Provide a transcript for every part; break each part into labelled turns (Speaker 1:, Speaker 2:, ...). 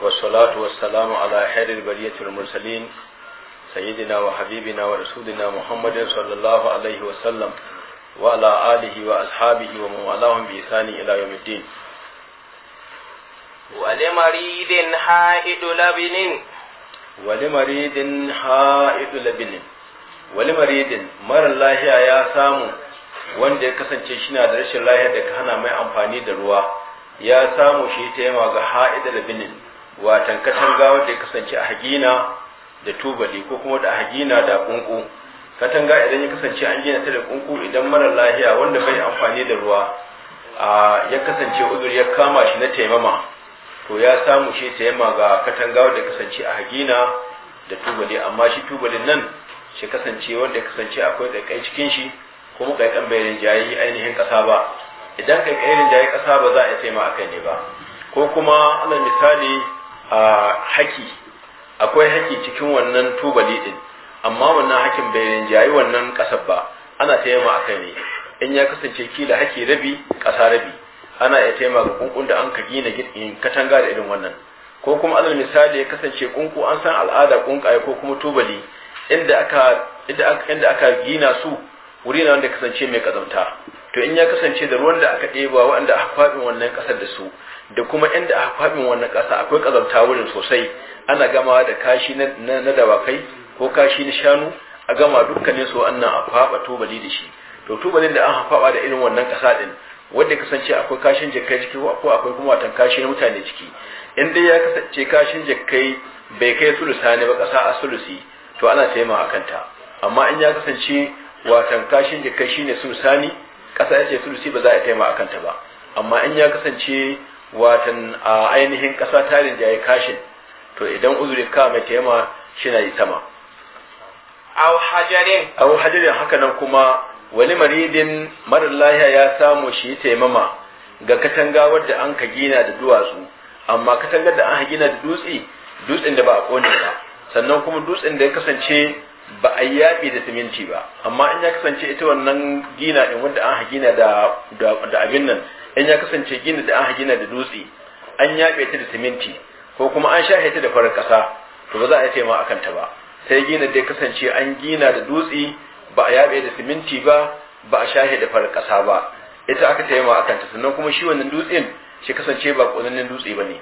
Speaker 1: والصلاة والسلام على خير البرية المرسلين سيدنا وحبيبنا ورسولنا محمد صلى الله عليه وسلم وعلى آله وأصحابه ومن والاهم بإحسان إلى يوم الدين
Speaker 2: ولمريض حائد لبن
Speaker 1: ولمريض حائد لبن ولمريض مر الله يا سامو wanda ya kasance shi na da rashin lahiya da hana mai amfani da ruwa ya samu shi ta yama ga ha'ida da binin watan katanga wanda ya kasance a hagina da tubali ko kuma da hagina da kunku katanga idan ya kasance an gina ta da kunku idan mara lahiya wanda bai amfani da ruwa ya kasance uzur ya kama shi na taimama to ya samu shi taimama ga katanga wanda ya kasance a hagina da tubali amma shi tubalin nan shi kasance wanda ya kasance akwai kai cikin shi kuma kaikan bai jayi ainihin kasa ba idan kaikai rinjayi kasa ba za a yi taimama a ne ba ko kuma alal misali haki akwai haki cikin wannan tubali din amma wannan hakin bai rinjayi wannan kasar ba ana taimaka a kai ne in ya kasance kila haki rabi kasa rabi ana iya taimaka kunkun da an ka gina katanga da irin wannan ko kuma alal misali ya kasance kunku an san al'ada kunkaye ko kuma tubali inda aka inda aka gina su wuri na wanda kasance mai kazamta to in ya kasance da ruwan da aka ɗeba waɗanda aka kwaɓin wannan ƙasar da su da kuma inda aka kwaɓin wannan ƙasa akwai ƙazanta wurin sosai ana gamawa da kashi na dawakai ko kashi na shanu a gama dukkanin su wannan a kwaɓa tubali da shi to tubalin da an kwaɓa da irin wannan ƙasa ɗin wanda kasance akwai kashin jakkai ciki ko akwai kuma watan kashi na mutane ciki in dai ya kasance kashin jakkai bai kai sulusa ne ba ƙasa a sulusi to ana taimaka kanta amma in ya kasance watan kashin jakkai shine ne ƙasa ya ce sulusi ba za a taima a kanta ba amma in ya kasance watan a ainihin ƙasa tarin da ya kashin to idan uzuri ka mai taima shi na yi sama
Speaker 2: A hajarin
Speaker 1: haka nan kuma wani maridin marar lahiya ya samu shi taimama ga katanga wadda an ka gina da duwatsu amma katangar da an ka gina da dutse dutsen da ba a kone ba sannan kuma dutsen da ya kasance ba a yaɓi da siminti ba amma in ya kasance ita wannan gina in wanda an gina da da abin nan in ya kasance gina da an gina da dutse an yaɓe ta da siminti ko kuma an shahe ta da farar ƙasa to ba za a yi taimaka akan ta ba sai gina da kasance an gina da dutse ba a yaɓe da siminti ba ba a shahe da farar ƙasa ba ita aka taimaka akan ta sannan kuma shi wannan dutsen shi kasance ba ƙonannen dutse ba ne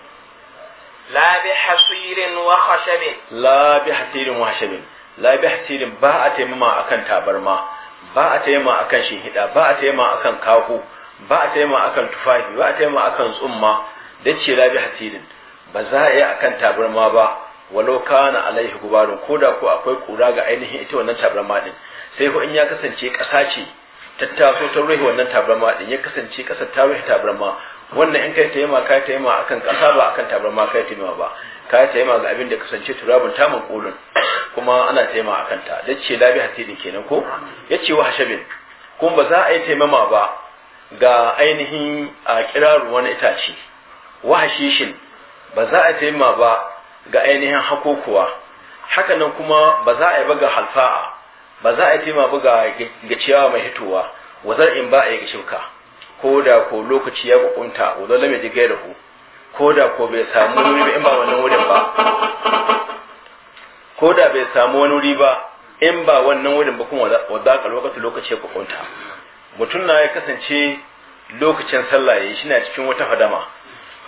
Speaker 2: la bi hasirin لا بحصير
Speaker 1: la bi hasirin la bihtirin ba a taimama akan tabarma ba a taimama akan shinhida ba a taimama akan kahu ba a taimama akan tufafi ba a taimama akan tsumma ce la bihtirin ba za a yi akan tabarma ba walau kana alaihi gubarun koda ko akwai kura ga ainihin ita wannan tabarma din sai ko in ya kasance kasa ce ta ta ruhi wannan tabarma din ya kasance kasa ta ruhi tabarma wannan in kai taimama kai taimama akan ƙasa ba akan tabarma kai taimama ba kai taimama ga abin da kasance turabun tamun kulun kuma ana taima a kanta da ce labi hasidin kenan ko ya ce wa hashabin kuma ba za a yi taimama ba ga ainihin a kiraru wani itace wa hashishin ba za a yi taimama ba ga ainihin hakokuwa nan kuma ba za a yi ba ga halfa'a ba za a yi taimama ba ga ciyawa mai hitowa wa in ba a yi shuka ko da ko lokaci ya kwakunta wa zalame jigai da ko da ko bai samu ba in ba wannan wurin ba ko da bai samu wani wuri ba in ba wannan wurin ba kuma wadda ka lokaci lokaci ya kwakwanta mutum na ya kasance lokacin sallah ya shi na cikin wata fadama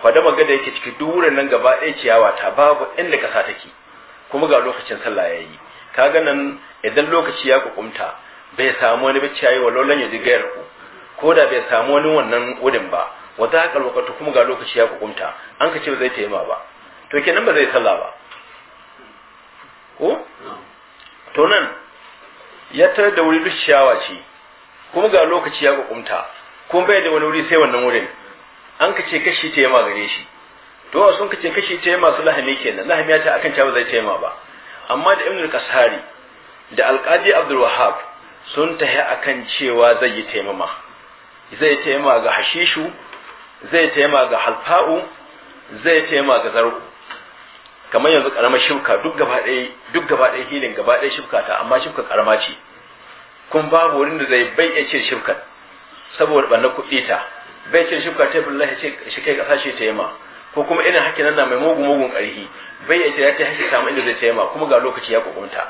Speaker 1: fadama gada yake ciki duk wurin nan gaba ɗaya ciyawa ta babu inda kasa take kuma ga lokacin sallah ya yi kaga nan idan lokaci ya kwakwanta bai samu wani bacci yi wa lan ya gayar ku ko da bai samu wani wannan wurin ba wadda ka lokacin kuma ga lokaci ya kwakwanta an ka ce ba zai taima ba to kenan ba zai sallah ba ko to nan ya tare da wuri duk ciyawa ce kuma ga lokaci ya kukumta kuma bai da wani wuri sai wannan wurin an ka ce kashi ta yama gare shi to a sun ka ce kashi ta yama su lahami kenan lahami ya ta akan cewa zai ta yama ba amma da ibnul kasari da alqadi abdul wahab sun tahi akan cewa zai yi taimama zai taimama ga hashishu zai taimama ga halfa'u zai taimama ga zar'u kamar yanzu karamar shifka duk gaba ɗaya duk gaba ɗaya hilin gaba ɗaya ta amma shifka karama ce kun babu wurin da zai bai ya ce shifkar saboda ɓanna kuɗi ta bai ce shifka ta ya ce shi kai ƙasashe ta ma, ko kuma irin hakki nan na mai mugu mugun ƙarfi bai ya ce ya ta yi hakki samu inda zai ta ma, kuma ga lokaci ya kokunta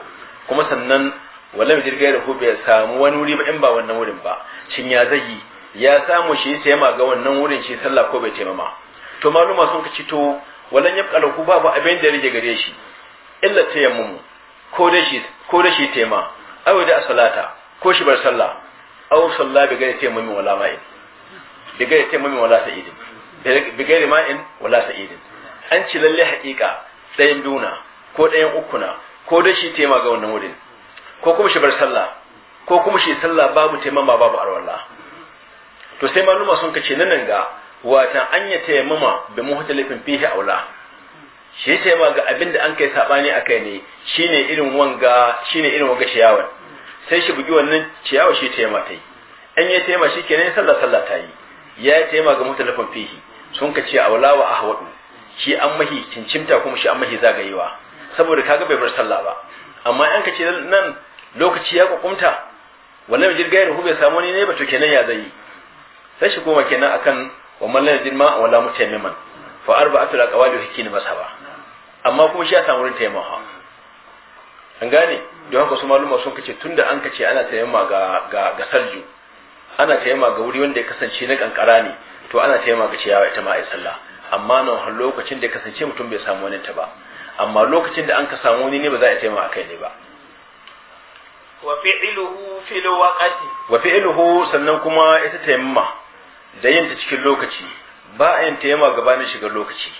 Speaker 1: kuma sannan mai jirgin da ya samu wani wuri ba in ba wannan wurin ba shin ya zai yi ya samu shi ya ta ma ga wannan wurin shi sallah ko bai taimama to maluma sun ka to ya yabqa ku babu abin da rige gare shi illa tayammum ko da shi ko da shi tema aw da salata ko shi bar sallah aw salla bi gari tayammum wala ma'in bi gari tayammum wala sa'idin bi gari ma'in wala sa'idin an ci lalle haƙiƙa ɗayan duna ko ɗayan ukuna ko da shi tema ga wannan wurin ko kuma shi bar sallah ko kuma shi sallah babu taimama babu arwala to sai malluma sun kace nan ga watan an ya tayammama bi laifin fihi aula shi taimama ga abin da an kai sabani kai ne shine irin wanga shine irin wanga ciyawa sai shi bugi wannan ciyawa shi ta yi an ya shi kenan sallah sallah ta yi ya taimama ga laifin fihi sun ka ce aula wa ahwadu shi an mahi cincimta kuma shi an mahi zagayewa saboda kaga bai bar sallah ba amma an ka ce nan lokaci ya kwakwamta wannan jirgayar hu bai samu ne ba to kenan ya zai sai shi goma kenan akan wa man lam ma wala mutaymiman fa qawali aqwali hikin masaba amma kuma shi ya samu wurin taimawa an gane don haka su maluma sun kace tunda an kace ana taimama ga ga ga salju ana taimama ga wuri wanda ya kasance na kankara ne to ana taimama ga ciyawa ita ma ai sallah amma nan har lokacin da ya kasance mutum bai samu wani ta ba amma lokacin da an ka samu wani ne ba za a taimama akai ne ba
Speaker 2: wa fi'iluhu fil waqti
Speaker 1: wa fi'iluhu sannan kuma ita taimama da yin ta cikin lokaci ba a yin taimama gabanin shigar lokaci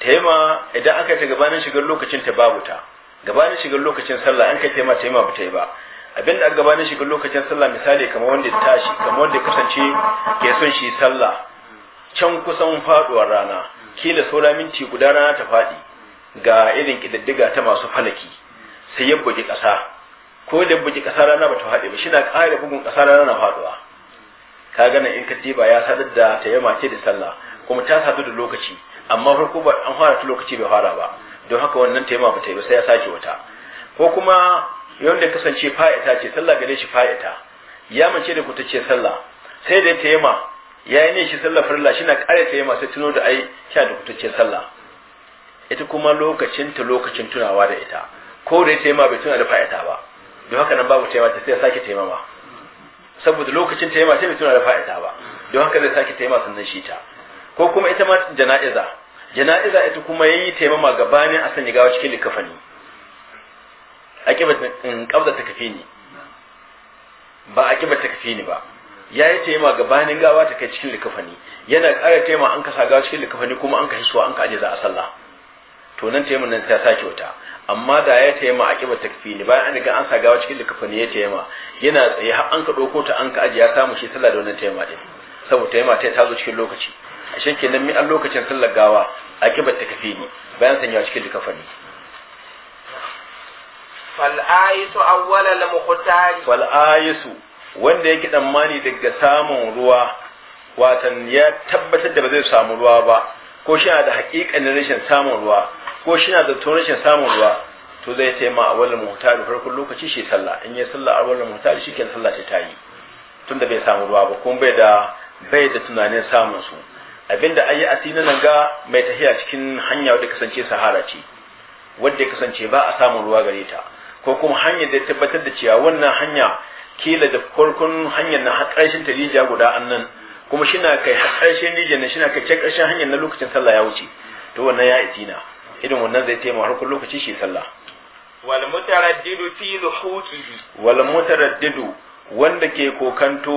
Speaker 1: taimama idan aka ta gabanin shigar lokacin ta babu ta gabanin shigar lokacin sallah an kai ta taimama ba ta yi ba abin da gabanin shigar lokacin sallah misali kamar wanda ya tashi kamar wanda ya kasance ke son shi sallah can kusan faduwar rana kila saura minti guda rana ta faɗi ga irin ƙididdiga ta masu falaki sai ya bugi ƙasa ko da bugi ƙasa rana ba ta faɗi ba shi na ƙara bugun ƙasa rana na faɗuwa ka gana in ka ba ya sadar da tayyama ce da sallah kuma ta sadu da lokaci amma farko ba an fara ta lokaci bai fara ba don haka wannan tayyama ba ta yi ba sai ya sake wata ko kuma yanda kasance fa'ita ce sallah gare shi fa'ita ya mace da kuta ce sallah sai da tayyama ya yi ne shi sallah farilla shi na ƙara tayyama sai tuno da ai kya da kuta ce sallah ita kuma lokacin ta lokacin tunawa da ita ko da tayyama bai tuna da fa'ita ba don haka nan babu tayyama ta sai ya sake tayyama saboda lokacin ta yi sai bai tuna da fa'ida ba don haka zai sake ta yama sannan shi ta ko kuma ita ma jana'iza jana'iza ita kuma yayi taimama gabanin a sanya gawa cikin likafani a in kabda ta ni, ba a kiba ta ni ba ya yi taimama gabanin gawa ta kai cikin likafani yana ƙara taimama an kasa gawa cikin likafani kuma an ka hisuwa an ka aje za a sallah to nan taimama nan ta sake wata amma da ya taimma a kiba takfini bayan an riga an sa gawa cikin ne ya taimma yana tsaye har an ka ɗauko ta an ka aji ya samu shi sallah da wannan taimma din saboda taimma ta tazo cikin lokaci a shi kenan mi an lokacin sallar gawa a kiba takfini bayan sanyawa cikin likafani
Speaker 2: fal'ayisu awwala la muqtari
Speaker 1: fal'ayisu wanda yake tsammani daga samun ruwa watan ya tabbatar da ba zai samu ruwa ba ko shi da hakikanin rashin samun ruwa ko shi na da rashin samun ruwa to zai sai ma awalin da farkon lokaci shi sallah in yi sallah a awalin muhtari shi ke sallah ta yi Tunda bai samu ruwa ba kuma bai da bai da tunanin samun su abinda ayi asina nan ga mai tafiya cikin hanya wadda kasance sahara ce wadda kasance ba a samun ruwa gare ta ko kuma hanyar da tabbatar da cewa wannan hanya kila da farkon hanyar na har ta rijiya guda annan kuma shi na kai har ƙarshen rijiyar na shi na kai can hanyar na lokacin sallah ya wuce to wannan ya isina irin wannan zai taimaka har lokaci shi sallah
Speaker 2: wal mutaraddidu fi
Speaker 1: luhuqihi wal mutaraddidu wanda ke kokanto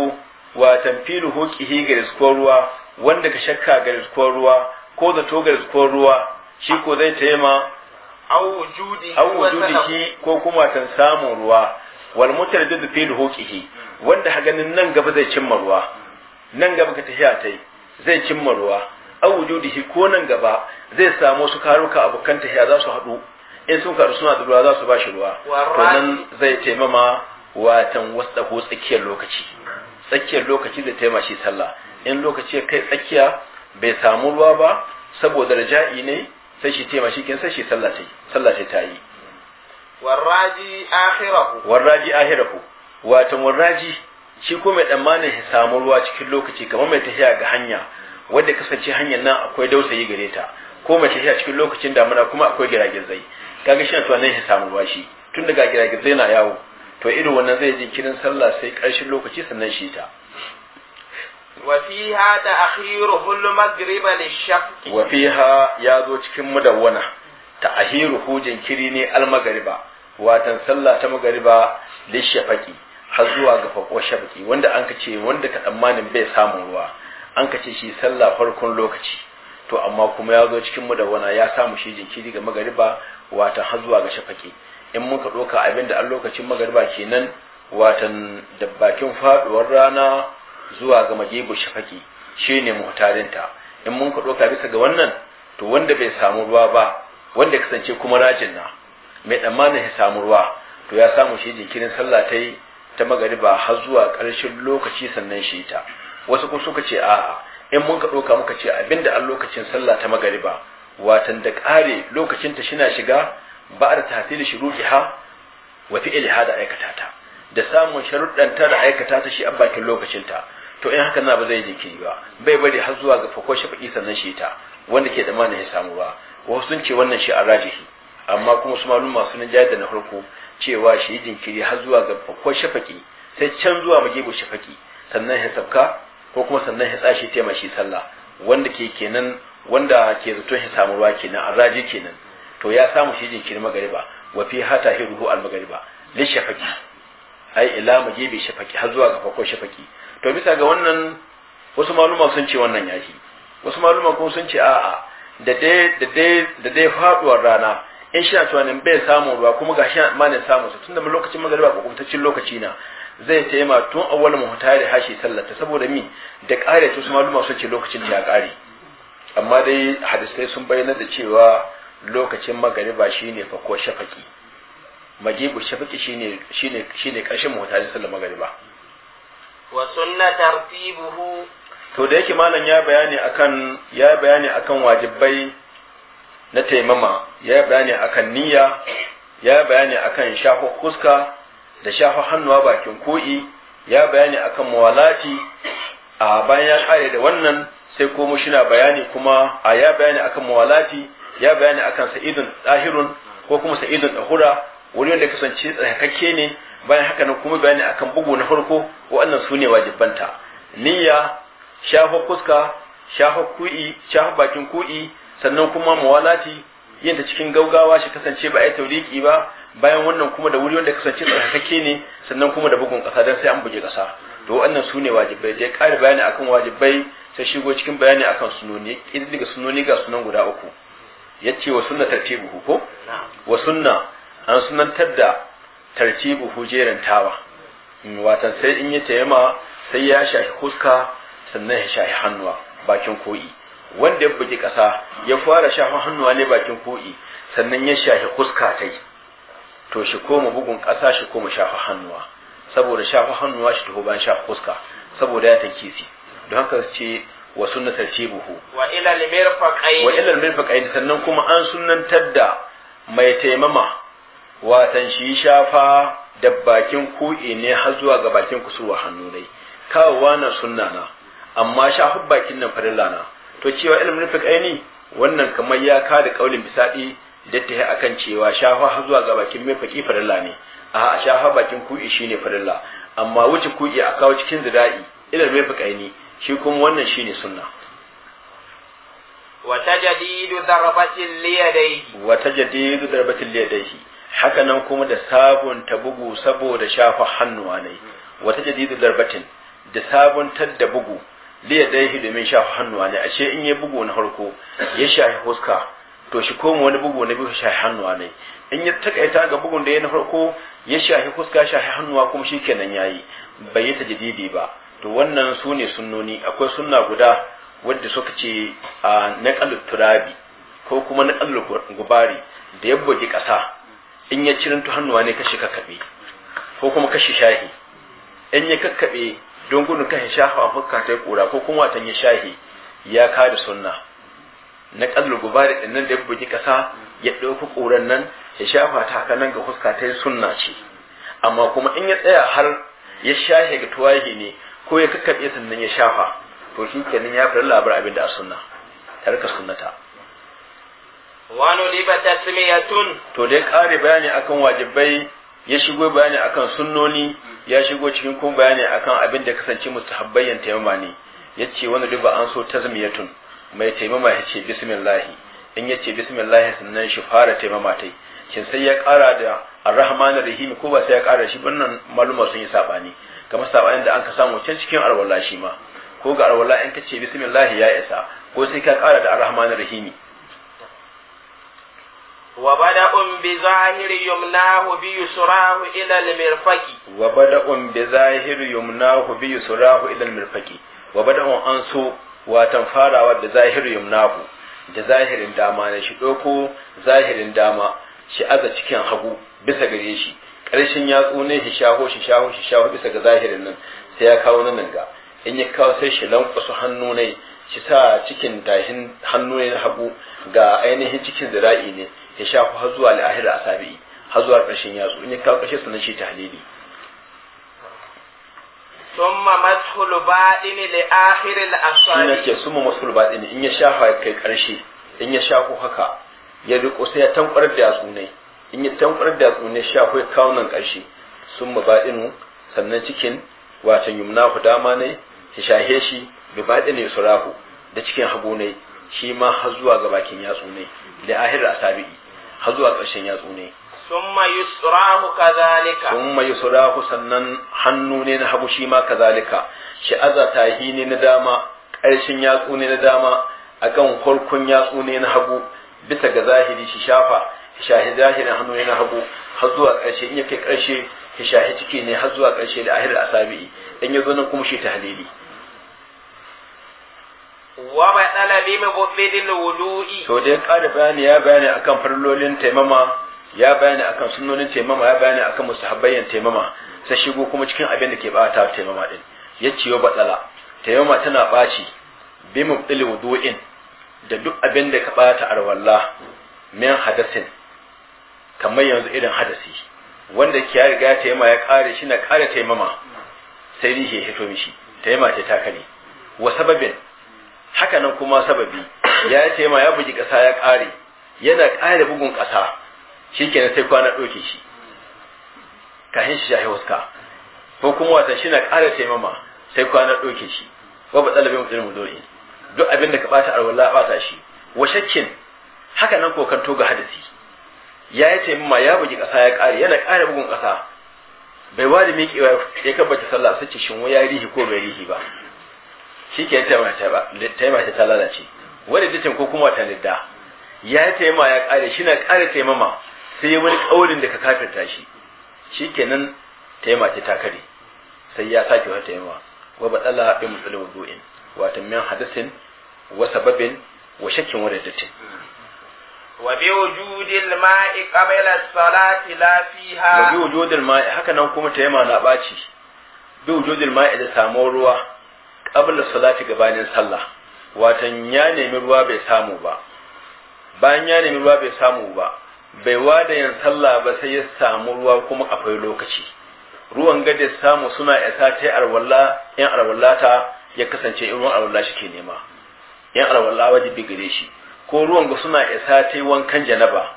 Speaker 1: wa tanfilu huqihi ga riskuwar ruwa wanda ka shakka ga riskuwar ruwa ko zato ga riskuwar ruwa shi ko zai taima
Speaker 2: au wujudihi
Speaker 1: ko kuma tan samun ruwa wal mutaraddidu fi luhuqihi wanda ha ganin nan gaba zai cimma ruwa nan gaba ka tafiya tai zai cimma ruwa aw wujudihi ko nan gaba zai samu su karuka abokan tahiya za su haɗu in sun karu suna da ruwa za su ba shi ruwa to nan zai taimama watan wasdahu tsakiyar lokaci tsakiyar lokaci zai taimama shi sallah in lokaci ya kai tsakiya bai samu ruwa ba saboda raja'i ne sai shi taimama shi kin sai shi sallah ta yi sallah ta yi
Speaker 2: warraji akhirahu
Speaker 1: warraji akhirahu watan warraji shi ko mai tsammanin ya samu ruwa cikin lokaci kamar mai tafiya ga hanya wanda kasance hanyar nan akwai dausayi gare ta ko mace a cikin lokacin damuna kuma akwai zai kaga shi to nan ya samu bashi tun daga giragizai na yawo to irin wannan zai ji kirin sallah sai karshen lokaci sannan shi ta وفيها ya zo cikin mudawwana ta'khiruhu jinkiri ne al-maghriba watan sallah ta magariba lishafaqi har zuwa ga fako wanda an kace wanda ka tsammanin bai samu ruwa an ka ce shi sallah farkon lokaci to amma kuma ya zo cikin wana ya samu shi jinkiri ga magariba watan har zuwa ga shafaki in muka ɗauka abin da an lokacin magariba kenan watan da bakin faɗuwar rana zuwa ga magebu shafaki shine mutarinta in mun ka ɗauka bisa ga wannan to wanda bai samu ruwa ba wanda kasance kuma rajin na mai tsammanin ya samu ruwa to ya samu shi jinkirin sallah ta ta magariba har zuwa ƙarshen lokaci sannan shi ta wasu kuma suka ce a'a in mun ka ɗauka muka ce abinda an lokacin sallah ta magariba watan da ƙare lokacin ta shina shiga ba da tatil ha wa fi'liha da aikata ta da samun sharuɗanta da aikata ta shi a bakin lokacin ta to in haka na ba zai jinkiri ba bai bari har zuwa ga fako shafi sannan shi ta wanda ke da mana ya samu ba wasu sun ce wannan shi a rajihi amma kuma su malum masu na jayar da na farko cewa shi jinkiri har zuwa ga fako shafaki sai can zuwa magibu shafaki sannan ya sabka ko kuma sannan ya tsashi tema shi sallah wanda ke kenan wanda ke zaton ya samu ruwa kenan arraji kenan to ya samu shi jinkiri magariba wa fi hata ruhu al magariba li shafaqi ai ila majibi shafaqi har zuwa ga farko shafaqi to bisa ga wannan wasu maluma sun ce wannan yaki, wasu maluma kuma sun ce a'a da dai da dai da dai faduwar rana in shi na tunanin bai samu ruwa kuma ga shi ma ne samu su tunda lokacin magariba ko kuma lokaci na zai taima tun awwal da hashi sallata saboda mi da kare to su maluma sun ce lokacin ta ya kare amma dai hadisai sun bayyana da cewa lokacin magariba shine fa ko shafaki majibu shafaki shine shine shine karshen da sallar magariba
Speaker 2: wa sunna tartibuhu
Speaker 1: to da yake malam ya bayani akan ya bayani akan wajibai na taimama ya bayani akan niyya ya bayani akan shafa huska da shafa hannuwa bakin ko'i ya bayani akan mawalati a bayan ya kare da wannan sai ko shi na bayani kuma a ya bayani akan mawalati ya bayani akan sa'idun ɗahirun ko kuma sa'idun dahura wuri wanda kasance tsakakke ne bayan haka nan kuma bayani akan bugu na farko waɗannan su ne wajibanta niyya shafa kuska shafa ku'i shafa bakin ku'i sannan kuma mawalati yin ta cikin gaugawa shi kasance ba a yi tauriki ba bayan wannan kuma da wuri wanda kasance tsarkakakke ne sannan kuma da bugun kasa don sai an buge kasa to wannan su ne wajibai da ya kare bayani akan wajibai sai shigo cikin bayani akan sunoni ƙididdiga sunoni ga sunan guda uku ya ce wa sunna tartibuhu ko wa sunna an sunantar da tartibuhu jerin tawa watan sai in ya taimaka sai ya shafi huska sannan ya shafi hannuwa bakin ko'i wanda ya buge ƙasa ya fara shafa hannuwa ne bakin ko'i sannan ya shafi kuska ta to shi koma bugun ƙasa shi koma shafa hannuwa saboda shafa hannuwa shi taho bayan shafa kuska saboda ya tankisi don haka ce wa sunna tartibuhu
Speaker 2: wa ila al-mirfaqayn wa ila
Speaker 1: al-mirfaqayn sannan kuma an sunnantar da mai taimama watan shi shafa da bakin ko'i ne har zuwa ga bakin kusurwa hannu dai wa na sunna na amma shafa bakin nan farilla na to cewa ilmin nufin aini wannan kamar ya da kaulin bisaɗi da ta akan cewa shafa zuwa ga bakin mai faƙi farilla ne a shafa bakin ku'i shine farilla amma wuce ku'i a kawo cikin zida'i ilmin nufin aini shi kuma wannan shine sunna
Speaker 2: وتجديد ضربة ليديه
Speaker 1: وتجديد ضربة haka nan kuma da sabunta bugu saboda shafa hannuwa ne wata jadidu darbatin da sabuntar da bugu liya ɗaya domin shafa hannu ne ashe in ya bugu na harko ya shafi huska to shi koma wani bugu na biyu shafi hannu ne in ya takaita ga bugun da ya na harko ya shafi huska shafi hannuwa kuma shi kenan ya yi bai yi tajididi ba to wannan su ne sunnoni akwai sunna guda wadda suka ce a naƙalu turabi ko kuma naƙalu gubari da ya bugi ƙasa in ya cirinto hannuwa ne kashi kakkaɓe ko kuma kashi shahi in ya kakkaɓe don gudun kan shafa fuska ta kura ko kuma watan ya shahi ya kada sunna na kallu gubari din nan da ya bugi kasa ya ɗauki ƙuran nan ya shafa ta haka nan ga fuska ta sunna ce amma kuma in ya tsaya har ya shahi ga tuwahi ne ko ya kakkaɓe sannan ya shafa to shi kenan ya fi labar abin da a sunna tarka sunnata
Speaker 2: wani liba tun?
Speaker 1: to dai ƙari bayani akan wajibai ya shigo bayani akan sunnoni ya shigo cikin kun bayani akan abin da kasance mustahabbayan taimama ne yace ce wani duba an so tazmiyatun mai taimama ya ce in yace ce sannan shi fara taimama tai shin sai ya kara da arrahmanir rahim ko ba sai ya kara shi wannan maluma sun yi sabani kamar sabanin da an ka samu can cikin alwala shi ma ko ga alwala in ka ce bismillahi ya isa ko sai ka kara da arrahmanir rahimi
Speaker 2: وبدأ بظاهر يمناه بيسراه إلى المرفق
Speaker 1: وبدأ بظاهر يمناه بيسراه إلى المرفق وبدأ أنسو وتنفارا وبظاهر يمناه da zahirin dama ne shi ɗauko zahirin dama shi aza cikin hagu bisa gare shi ƙarshen yatsu ne shi shaho shi shaho shi shaho bisa ga zahirin nan sai ya kawo nan ga in ya kawo sai shi lankwasu hannu ne shi sa cikin tashin hannu ne hagu ga ainihin cikin zira'i ne ya shafa har zuwa a asabi har zuwa karshen yatsu in ya kawo ƙarshe sannan shi tahlili
Speaker 2: summa mashul baɗin li akhir al asabi ne ke
Speaker 1: summa mashul baɗin in ya shafa kai ƙarshe in ya shafo haka ya riko sai ya tankwarar da yatsu ne in ya tankwarar da yatsu ne shafo ya kawo nan ƙarshe summa baɗin sannan cikin watan yumnahu dama ne ya shahe shi bi baɗin surahu da cikin hagu ne shi ma har zuwa ga bakin yatsu ne da ahir asabi'i har zuwa ƙarshen yatsu ne
Speaker 2: sun yusrahu
Speaker 1: yusrahu sannan hannu ne na hagu shi ma kazalika shi azata hi ne na dama ƙarshen yatsu ne na dama a kan farkon yatsu ne na hagu bisa ga zahiri shi shafa shahi zahirin hannu ne na hagu har zuwa ƙarshe in ya kai ƙarshe shahi ciki ne har zuwa ƙarshe da ahirar asabi'i in ya zo nan kuma shi tahlili
Speaker 2: wa ma talabi mabudin wudu'i
Speaker 1: to dai ƙara bayani ya bayani akan farlolin taimama ya bayani akan sunnonin taimama ya bayani akan mustahabbayin taimama sai shigo kuma cikin abin da ke bata taimama din Ya ce yau batsala taimama tana baci bi mabdil wudu'in da duk abin da ka bata arwalla min hadasin kamar yanzu irin hadasi wanda ke ya riga taimama ya kare shi na kare taimama sai ni ke hito mishi taimama ce ta kare wa sababin haka nan kuma sababi ya ce ma ya bugi ƙasa ya ƙare yana ƙare bugun ƙasa na sai kwana ɗauke shi kahin shi shahi waska ko kuma wata shi na ƙara taimama sai kwana ɗauke shi wa ba mu mutum mudoin duk abin da ka ɓata arwala ɓata shi wa shakkin haka nan to ga hadisi ya yi taimama ya bugi ƙasa ya ƙare yana ƙara bugun ƙasa bai wani miƙewa ya kabbata sallah sai ce shin ya rihi ko bai rihi ba shi ke ta ta lalace wani ta ko kuma ta lidda ya taima ya kare shi na kare taimama sai yi wani kaulin da ka kafirta shi shi nan taima ta kare sai ya sake wata taimama wa batsala bin musulun wudu'in wato min hadisin wa sababin wa shakkin wani raddatin wa
Speaker 2: bi wujudil ma'i qabla as-salati la fiha wa bi wujudil
Speaker 1: ma'i haka nan kuma taimama na baci bi wujudil ma'i da samuwar ruwa da salati gabanin sallah watan ya nemi ruwa bai samu ba bayan ya nemi ruwa bai samu ba bai wada yin sallah ba sai ya samu ruwa kuma akwai lokaci ruwan gade samu suna isa ta arwalla yan ta ya kasance irin ruwan arwalla shi ke nema yan arwalla wajibi gare shi ko ruwan ga suna isa ta wankan janaba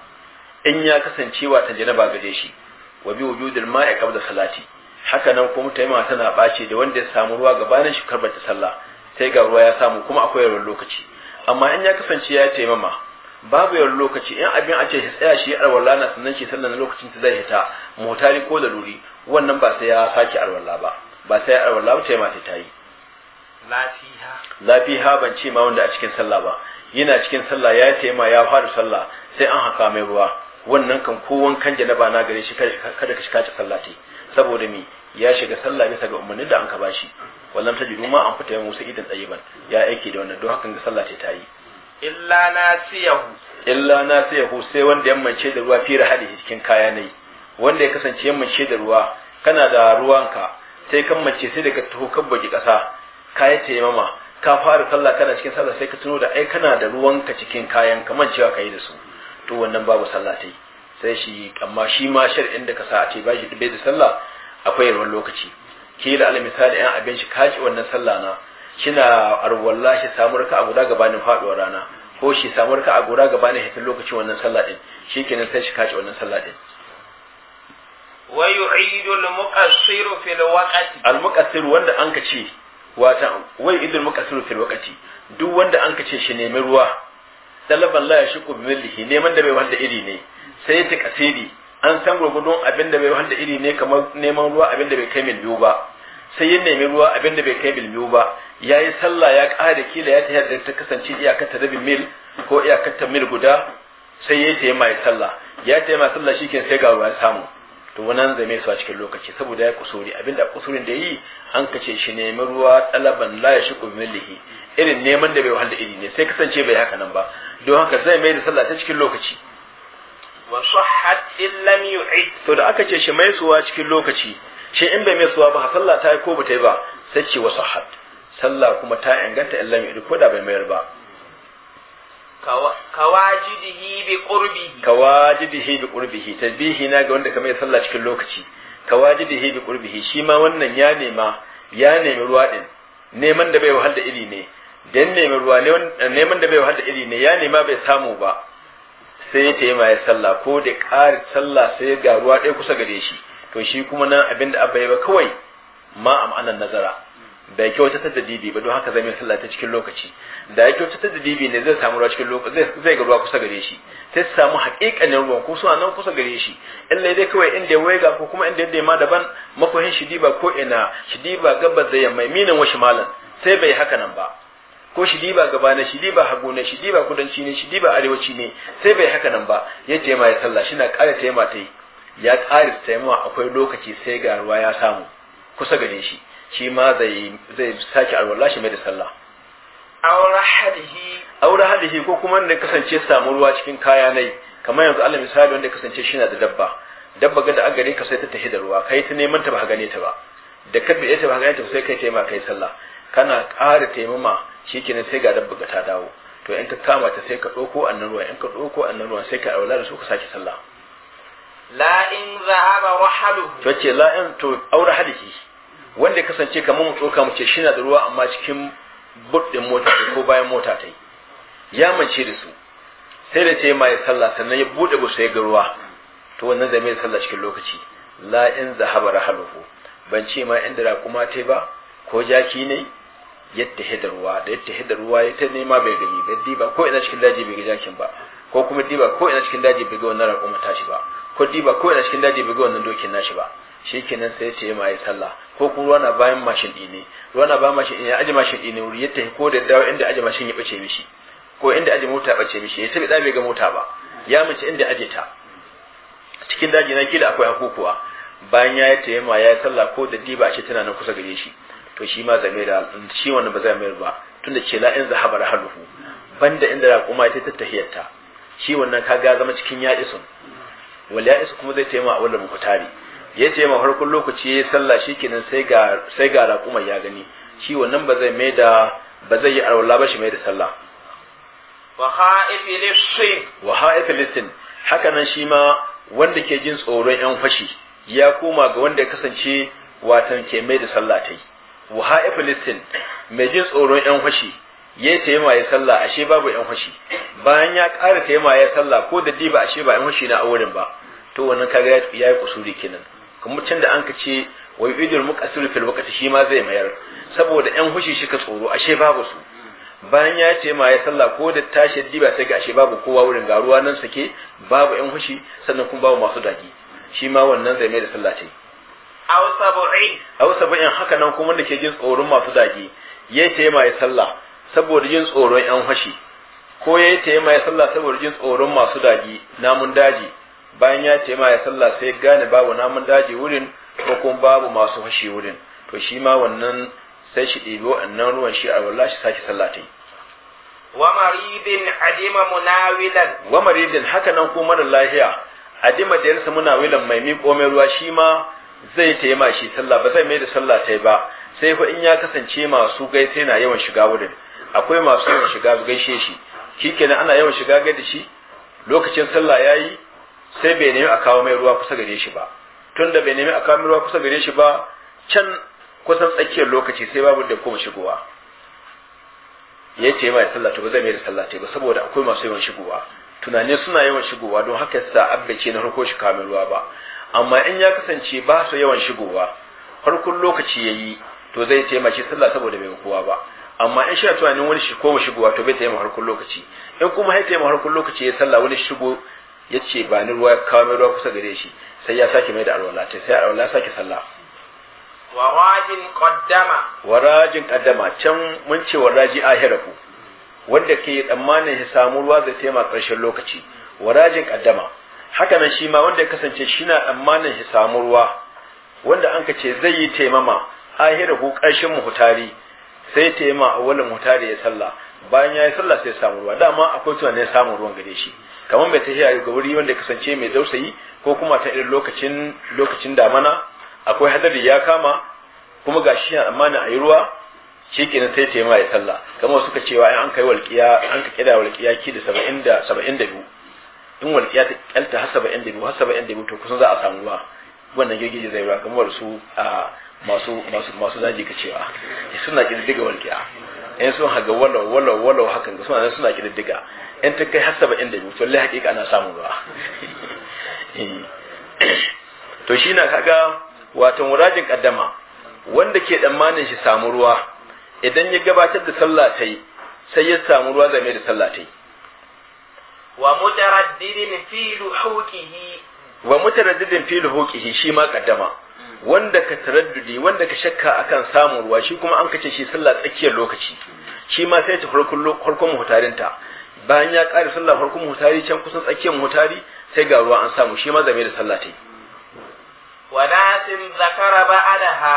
Speaker 1: in ya kasance wata janaba gare shi wa bi wujudil ma'i qabla salati haka nan kuma taimama tana ɓace da wanda ya samu ruwa gabanin shi karɓar ta sallah sai ga ruwa ya samu kuma akwai yawan lokaci amma in ya kasance ya taimama babu yawan lokaci in abin a ce shi tsaya shi alwala na sannan shi sannan lokacin ta zai hita motari ko da ruri wannan ba sai ya sake alwala ba ba sai ya alwala ba ta yi lafiha ban ce ma wanda a cikin sallah ba yana cikin sallah ya ma ya fara sallah sai an haka mai ruwa wannan kan ko wankan janaba na gare shi kada ka shiga sallah saboda mi ya shiga sallah bisa ga umarnin da an ka bashi wallan ta jidu ma an fita ya musa idan tsayiban ya aiki da wannan don hakan ga sallah ta yi
Speaker 2: illa na siyahu
Speaker 1: illa na siyahu sai wanda yammance da ruwa fira hadi cikin kaya ne wanda ya kasance yammance da ruwa kana da ruwanka sai kan mace sai daga taho kan baki kasa kaya taimama ka fara sallah kana cikin sallah sai ka tuno da ai kana da ruwanka cikin kayan kaman cewa kai da su to wannan babu sallah ta sai shi amma shi ma shar'in da ka sa a ce ba shi bai da sallah akwai yawan lokaci kila al misali an abin shi kaci wannan sallah na kina arwalla shi samur ka a guda gabanin faduwar rana ko shi samur ka a guda gabanin hitin lokacin wannan sallah din shikenan sai shi kaci wannan sallah din
Speaker 2: wa yu'idu al-muqassir fi al-waqti
Speaker 1: al-muqassir wanda an ka ce wata wa yu'idu al-muqassir fi al-waqti duk wanda an ka ce shi nemi ruwa talaban la yashku bi millihi neman da bai wanda iri ne sai ta kasidi an san gurgudun abin da bai wanda iri ne kamar neman ruwa abin da bai kai mil biyu ba sai ya nemi ruwa abin da bai kai mil biyu ba ya yi sallah ya ƙara kila ya tafiya da ta kasance iyakar ta rabin mil ko iyakar ta mil guda sai ya tayi mai sallah ya tayi mai sallah shike sai ga ruwa samu to wannan mai su a cikin lokaci saboda ya kusuri abin da kusurin da yi an kace shi nemi ruwa talaban la ya shiku milihi irin neman da bai wahala iri ne sai kasance bai haka nan ba don haka zai mai da sallah ta cikin lokaci
Speaker 2: wa sahhat illam yu'id
Speaker 1: to da aka ce shi mai suwa cikin lokaci shi in bai mai suwa ba sallah ta yi ko ba ta yi ba sai ce wa sahhat sallah kuma ta inganta lam yu'id ko da bai mayar ba
Speaker 2: kawajidihi bi
Speaker 1: qurbihi kawajidihi bi qurbihi tasbihi na ga wanda kamar sallah cikin lokaci kawajidihi bi qurbihi shi ma wannan ya nema ya nemi ruwa din neman da bai wahal da iri ne dan nemi ruwa ne neman da bai wahal da iri ne ya nema bai samu ba sai ya taimaya sallah ko da ƙari sallah sai ga ruwa ɗaya kusa gare shi to shi kuma nan abin da abba ya ba kawai ma amanan nazara da ya kyautata ta dadibi ba don haka zai sallah ta cikin lokaci da ya kyautata ta dadibi ne zai samu ruwa cikin lokaci zai ga ruwa kusa gare shi sai su samu haƙiƙanin ruwan ko suna nan kusa gare shi in dai kawai inda ya waiga ko kuma inda ya ma daban makohin shidi ba ko ina shidi ba gabas da yamma minan wa shimalan sai bai haka nan ba ko shi diba gaba na shi diba hagu na shi diba kudanci ne shi diba arewaci ne sai bai haka nan ba ya je ma ya sallah shi na ƙara taima ta yi ya ƙara taimawa akwai lokaci sai ga ruwa ya samu kusa gare shi shi ma zai zai sake alwala shi mai da sallah aura hadihi ko kuma da kasance samu ruwa cikin kaya nai kamar yanzu Allah misali wanda kasance shi na da dabba dabba ga da a gare ka sai ta tafi da ruwa kai ta neman ta ba gane ta ba da ka biye ta ba gane ta sai kai taimaka kai sallah kana ƙara taimama shikenan sai ga dabba ta dawo to in ka kama ta sai ka ɗauko annan ruwan in ka ɗauko annan ruwan sai ka aula da su ka sake sallah la
Speaker 2: in zahaba rahaluhu to ce la in
Speaker 1: to aure hadisi wanda kasance kamar mu tsoka mu ce shi na da ruwa amma cikin buɗin mota ko bayan mota ta ya mance da su sai da ce mai sallah sannan ya bude gusa ya ga ruwa to wannan zai mai sallah cikin lokaci la in zahaba rahaluhu ban ce ma inda kuma ta ba ko jaki ne yadda hidda ruwa da yadda hidda ruwa ya ta nema bai gani ba diba ko ina cikin daji bai ga jakin ba ko kuma diba ko ina cikin daji bai ga wannan raƙuma shi ba ko diba ko ina cikin daji bai ga wannan dokin nashi ba shikenan sai ce mai yi sallah ko kuma ruwa na bayan mashin ne ruwa na bayan mashin ya aji mashin ne wuri yadda ko da dawo inda aji mashin ya bace mishi ko inda aji mota bace mishi ya tafi da bai ga mota ba ya mace inda aje ta cikin daji na kila akwai hakukuwa bayan ya yi tayyama ya yi sallah ko da diba a ce tana nan kusa gare shi to shi ma zame da shi wannan ba zai mayar ba tunda ce la in zahaba haluhu banda inda raƙuma ta tattahiyarta shi wannan kaga zama cikin isu wal isu kuma zai taimaka a wannan mukutari ya ce ma farkon lokaci ya sallah kenan sai ga sai ga raƙuma ya gani shi wannan ba zai mai da ba zai yi arwala ba shi mai da sallah
Speaker 2: wa ha'ifi lissin
Speaker 1: wa ha'ifi lissin haka nan shi ma wanda ke jin tsoron yan fashi ya koma ga wanda ya kasance watan ke mai da sallah ta yi waha filistin mai jin tsoron yan fashi ya tayima ya sallah ashe babu yan fashi bayan ya kara tayima ya sallah ko da diba ashe ba yan fashi na wurin ba to wannan kaga ya yi kusuri kenan kuma tun da an ka ce wai idul muqasir fil waqti shi ma zai mayar saboda yan hushi shi ka tsoro ashe babu su bayan ya ce ma ya sallah ko da tashi diba sai ga ashe babu kowa wurin garuwa nan sake babu yan hushi sannan kuma babu masu daki shi ma wannan zai mai da sallah ce
Speaker 2: aw sab'in
Speaker 1: aw sab'in haka nan kuma wanda ke jin tsoron masu zagi yayi ta mai sallah saboda jin tsoron yan fashi ko yayi ta mai sallah saboda jin tsoron masu zagi namun daji bayan ya ce mai sallah sai gane babu namun daji wurin ko kuma babu masu fashi wurin to shi ma wannan sai shi ɗebi annan ruwan shi a wallahi shi sake sallah ta yi
Speaker 2: wa maridin adima munawilan
Speaker 1: wa maridin haka nan kuma da lahiya adima da yarsa munawilan mai miƙo mai ruwa shi ma zai ta ma shi sallah ba zai mai da sallah ta ba sai fa in ya kasance masu gaisai na yawan shiga wurin akwai masu yawan shiga gaishe shi kikenan ana yawan shiga da shi lokacin sallah yayi sai bai nemi a kawo mai ruwa kusa gare shi ba tunda bai nemi a kawo mai ruwa kusa gare shi ba can kusan tsakiyar lokaci sai babu da kuma shigowa ya ce mai sallah to ba zai mai da sallah ta ba saboda akwai masu yawan shigowa tunani suna yawan shigowa don haka sa abinci na harko shi kamin ruwa ba amma in ya kasance ba su yawan shigowa farkon lokaci ya yi, to zai taimaki sallah saboda bai kowa ba amma in shi tunanin wani shi ko shigowa to bai taimaka harkun lokaci in kuma ya taimaka harkun lokaci ya sallah wani shigo ya ce ba ni ruwa kawo mai ruwa kusa gare shi sai ya sake mai da alwala ta sai alwala sake sallah
Speaker 2: warajin qaddama
Speaker 1: warajin qaddama can mun ce waraji ahirahu wanda ke tsammanin ya samu ruwa zai taimaka karshen lokaci warajin qaddama haka nan shi ma wanda ya kasance shi na tsammanin shi samu ruwa wanda an ce zai yi taimama ko ƙarshen muhutari sai taimama a wani muhutari ya salla bayan ya yi salla sai samu ruwa dama akwai tunanin samun ruwan gare shi kamar mai tafiya ga wuri wanda ya kasance mai dausayi ko kuma ta irin lokacin lokacin damana akwai hadari ya kama kuma ga shi amana a yi ruwa shi kenan sai taimama ya salla kamar suka cewa an kai walƙiya an ka kira walƙiya ki da saba'in da biyu in walƙiya ta kyalta hasaba yan dabi hasaba yan biyu to kusan za a samu ruwa wannan girgije zai ruwa kamar su masu masu masu zaji ka cewa suna kididdiga walƙiya in sun haga walau walau walau hakan ga suna suna kididdiga in ta kai hasaba yan biyu, to lai hakika ana samu ruwa eh. to shi na kaga watan murajin kaddama wanda ke tsammanin shi samu ruwa idan ya gabatar da sallah tai sai ya samu ruwa zai mai da sallah tai
Speaker 2: wa mutaraddidin fi luhuqihi
Speaker 1: wa mutaraddidin fi luhuqihi shi ma kaddama wanda ka taraddudi wanda ka shakka akan samun ruwa shi kuma an kace shi sallah tsakiyar lokaci shi ma sai ta farkon farkon mutarinta bayan ya kare sallah farkon mutari can kusan tsakiyar mutari sai ga ruwa an samu shi ma zame da sallah tai
Speaker 2: wa nasin zakara ba'adaha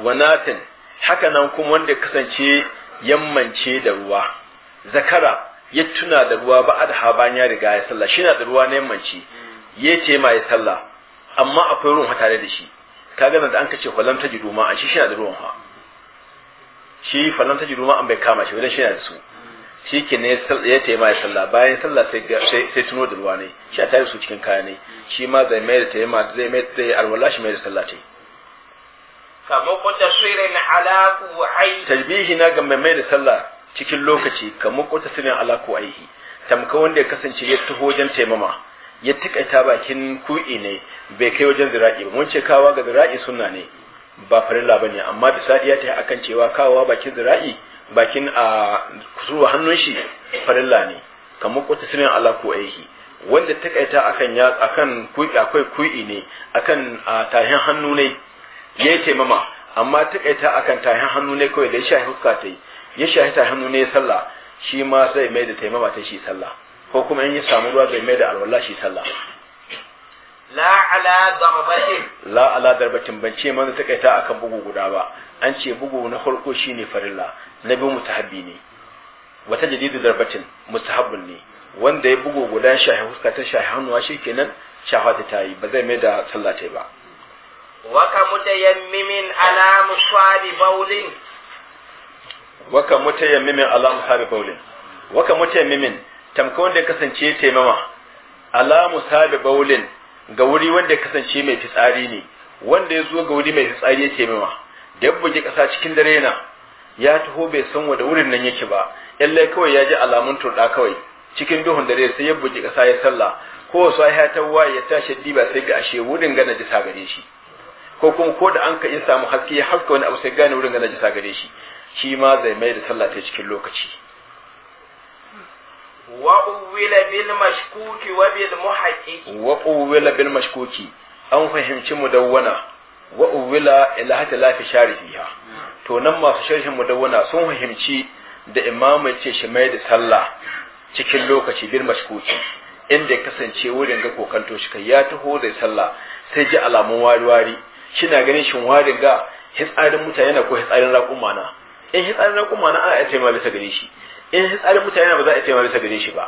Speaker 1: wa nasin haka nan kuma wanda kasance yammance da ruwa zakara ya tuna da ruwa ba a da bayan ya riga ya sallah shi na da ruwa na yammanci ya ce ma ya sallah amma akwai ruwan tare da shi ka gana da an kace falam ta jidu ma an shi na da ruwan ha shi falam ta jidu ma an bai kama shi wajen shi na da su shi ke ne ya ce ma ya sallah bayan sallah sai tuno da ruwa ne shi a tare su cikin kaya ne shi ma zai mai da ta ma zai mai da alwala shi mai da sallah ta yi
Speaker 2: kamar ko tasirin alaƙu ku hai
Speaker 1: tajbihi na ga mai da sallah cikin lokaci kamar kota sirrin ala aihi tamka wanda ya kasance ya taho wajen taimama ya tikaita bakin ku'i ne bai kai wajen zira'i ba mun ce kawa ga zira'i sunna ne ba farilla bane amma da sadiya ta akan cewa kawa bakin zira'i bakin a kusurwa hannun shi farilla ne kamar kota sirrin ala aihi wanda takaita akan ya akan ku'i akwai ku'i ne akan tahin hannu ne yayi taimama amma takaita akan tahin hannu ne kawai da ya shafi ta yi ya shahi ta hannu ne sallah shi ma zai mai da taimama ta shi sallah ko kuma in ya samu ruwa zai mai da alwala shi sallah
Speaker 2: la ala darbatin
Speaker 1: la ala darbatin ban ce mana ta kaita akan bugu guda ba an ce bugu na farko shine farilla na biyu mutahabbi ne wata jadidu darbatin mustahabbun ne wanda ya bugu guda shahi huska ta shahi hannuwa kenan shafa ta tayi ba zai mai da sallah ta ba
Speaker 2: da mutayammimin ala muswabi bawlin
Speaker 1: waka mutayammimin alamu hari baulin waka mutayammimin tamka wanda ya kasance taimama alamu sabi baulin ga wuri wanda ya kasance mai fitsari ne wanda ya zo ga wuri mai fitsari ya taimama da ya buge kasa cikin dare na ya taho bai san wa wurin nan yake ba Yallai kawai ya ji alamun turɗa kawai cikin duhun dare sai ya buge kasa ya sallah ko wasu ya tawwa ya tashi diba sai ga ashe wurin gana jisa gare shi ko kuma ko da an ka in samu haske ya haska wani abu sai gane wurin gana jisa gare shi shi ma zai mai da sallah ta cikin lokaci
Speaker 2: bil mashkuki wa
Speaker 1: bil bil mashkuki an fahimci mudawwana wa'uwila ila hatta la fi to nan masu sharhin mudawwana sun fahimci da imamu ya ce shi mai da sallah cikin lokaci bil mashkuki inda ya kasance wurin ga kokanto shi kai ya taho da sallah sai ji alamun wari-wari shina ganin shin wari ga hitsarin mutane na ko hitsarin raƙumana. na in hitsarin na kuma na ana iya taimaka bisa gare shi in hitsarin mutane ba za a taimaka bisa gare shi ba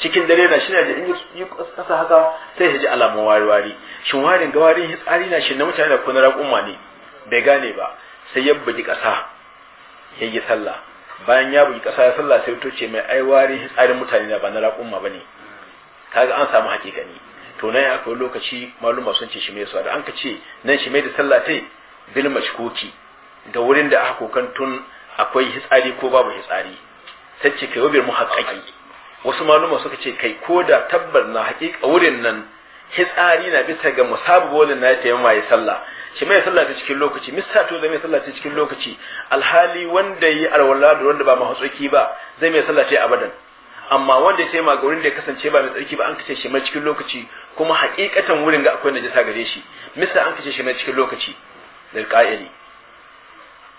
Speaker 1: cikin dare na shi na da in yi kasa haka sai su ji alamun wari-wari shin warin ga warin na shi na mutane da kuna raƙumma ne bai gane ba sai ya bugi ƙasa ya yi sallah bayan ya bugi kasa ya sallah sai to ce mai ai warin hitsarin mutane na ba na raƙumma ba ne kaga an samu hakikani to nan akwai lokaci maluma sun ce shi mai da an ka ce nan shi mai da sallah tai bil koki ga wurin da aka kokantun akwai hitsari ko babu hitsari ta ce kai wabir muhaqqaqi wasu maluma suka ce kai ko da tabbar na haƙiƙa wurin nan hitsari na bisa ga musabu wurin na ta yamma ya sallah shi mai sallah ta cikin lokaci mista to zai mai sallah ta cikin lokaci alhali wanda yi alwala da wanda ba mahatsoki ba zai mai sallah ta abadan amma wanda ya taimaka wurin da ya kasance ba mai tsarki ba an kace shi mai cikin lokaci kuma hakikatan wurin ga akwai najasa gare shi mista an kace shi mai cikin lokaci da qa'ili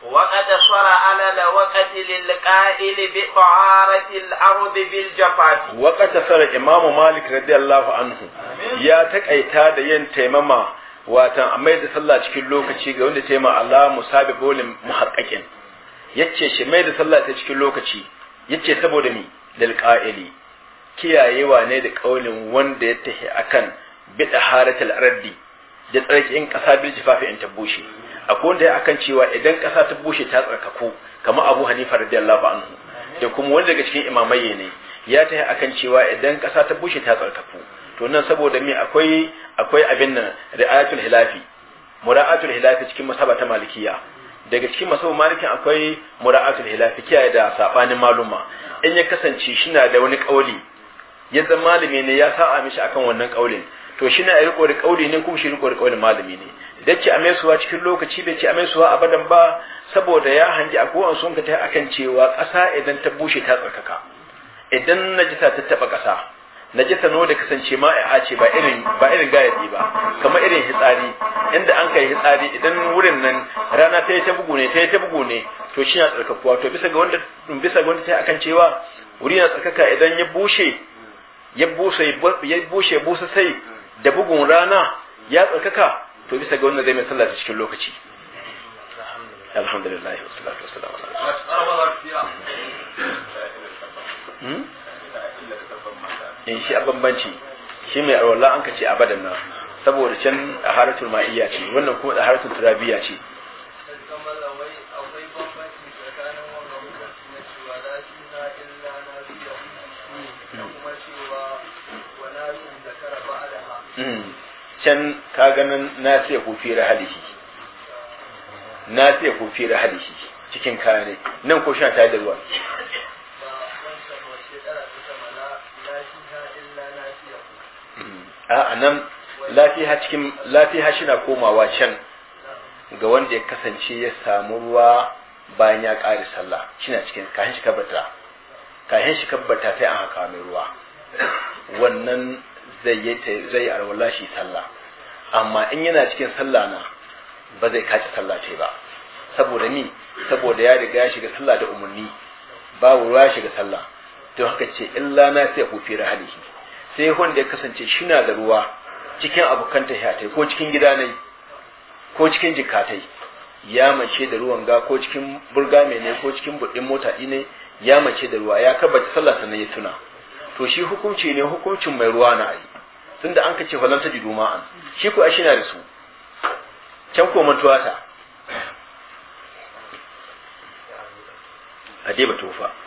Speaker 2: وقد شرع لنا وقت للقائل بطعارة الأرض بالجفاف
Speaker 1: وقد سر إمام مالك رضي الله عنه يا تكأيتا دين تيمما watan mai da sallah cikin lokaci ga wanda taima Allah musabi bolin muhaqqaqin yace shi mai da sallah ta cikin lokaci yace saboda mi lil qa'ili kiyayewa ne da ƙaunin wanda ya tahi akan bidaharatul ardi da tsarkin kasa bil jifafi in bushe. akwai wanda ya akan cewa idan ƙasa ta bushe ta tsarkaku kamar abu hanifa radiyallahu anhu da kuma wanda daga cikin imamai ne ya ta akan cewa idan ƙasa ta bushe ta tsarkaku to nan saboda me akwai akwai abin nan ri'ayatul hilafi mura'atul hilafi cikin masaba ta malikiya daga cikin masaba malikin akwai mura'atul hilafi kiyaye da sabanin maluma in ya kasance shi na da wani kauli yadda malami ne ya sa'a mishi akan wannan kaulin to shi na riƙo da kauli ne kuma shi riƙo da kaulin malami ne da a maisuwa cikin lokaci bai ce a maisuwa abadan ba saboda ya hanji akwai sun ka tai akan cewa ƙasa idan ta bushe ta tsarkaka idan najisa ta taba ƙasa najisa no da kasance ma a ce ba irin ba irin gayadi ba kamar irin hitsari inda an kai hitsari idan wurin nan rana ta yi ta bugu ne ta yi ta bugu ne to shi na tsarkakuwa to bisa ga wanda bisa ga wanda ta akan cewa wuri na tsarkaka idan ya bushe ya bushe ya bushe busa sai da bugun rana ya tsarkaka to bisa ga wannan zai mai sallah cikin lokaci alhamdulillah wa salatu wa salam in hmm? eh, shi a bambanci shi mai arwallah an kace abadan nan saboda can a haratul ma'iyya ce wannan kuma a haratul turabiyya ce Mm. can ka ganin na sai hufi rahalihi na sai hufi rahalihi cikin kaya nan ko sha tare da ruwa a nan Lafiya cikin lafiya shi na komawa can ga wanda ya kasance ya samu ruwa bayan ya ƙare sallah shi na cikin kayan shi kabbata kayan shi sai an haka mai ruwa wannan zai yi zai arwala shi sallah amma in yana cikin sallah na ba zai kaci sallah ce ba saboda ni saboda ya riga ya shiga sallah da umarni babu ruwa ya shiga sallah To haka ce illa na sai hufi rahalihi sai wanda ya kasance shi na da ruwa cikin abokan tahiyatai ko cikin gida ne ko cikin jikatai ya mace da ruwan ga ko cikin burga mai ne ko cikin buɗin mota ne ya mace da ruwa ya kabata sallah sannan ya tuna to shi hukunci ne hukuncin mai ruwa na ai tunda an kace falanta ta duma an, shi ko ashi na da su can ko mantuwa ta a dai ba tofa